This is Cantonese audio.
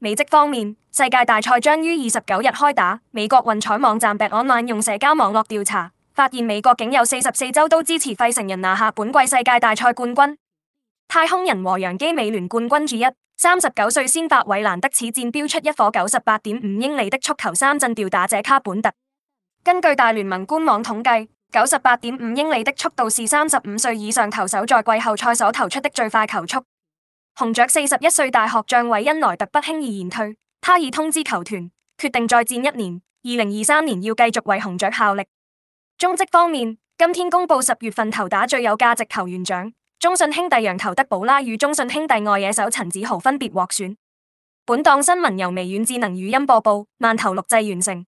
美職方面，世界大賽將於二十九日開打。美國運彩網站 BetOnline 用社交網絡調查發現，美國竟有四十四州都支持費城人拿下本季世界大賽冠軍。太空人和洋基美聯冠軍之一，三十九歲先發韋蘭德此戰飆出一顆九十八點五英里的速球，三振掉打者卡本特。根據大聯盟官網統計，九十八點五英里的速度是三十五歲以上投手在季後賽所投出的最快球速。紅雀四十一歲大學將韋恩萊特不輕易言退，他已通知球團決定再戰一年。二零二三年要繼續為紅雀效力。中職方面，今天公布十月份投打最有價值球員獎，中信兄弟洋投德保拉與中信兄弟外野手陳子豪分別獲選。本檔新聞由微軟智能語音播報，慢頭錄製完成。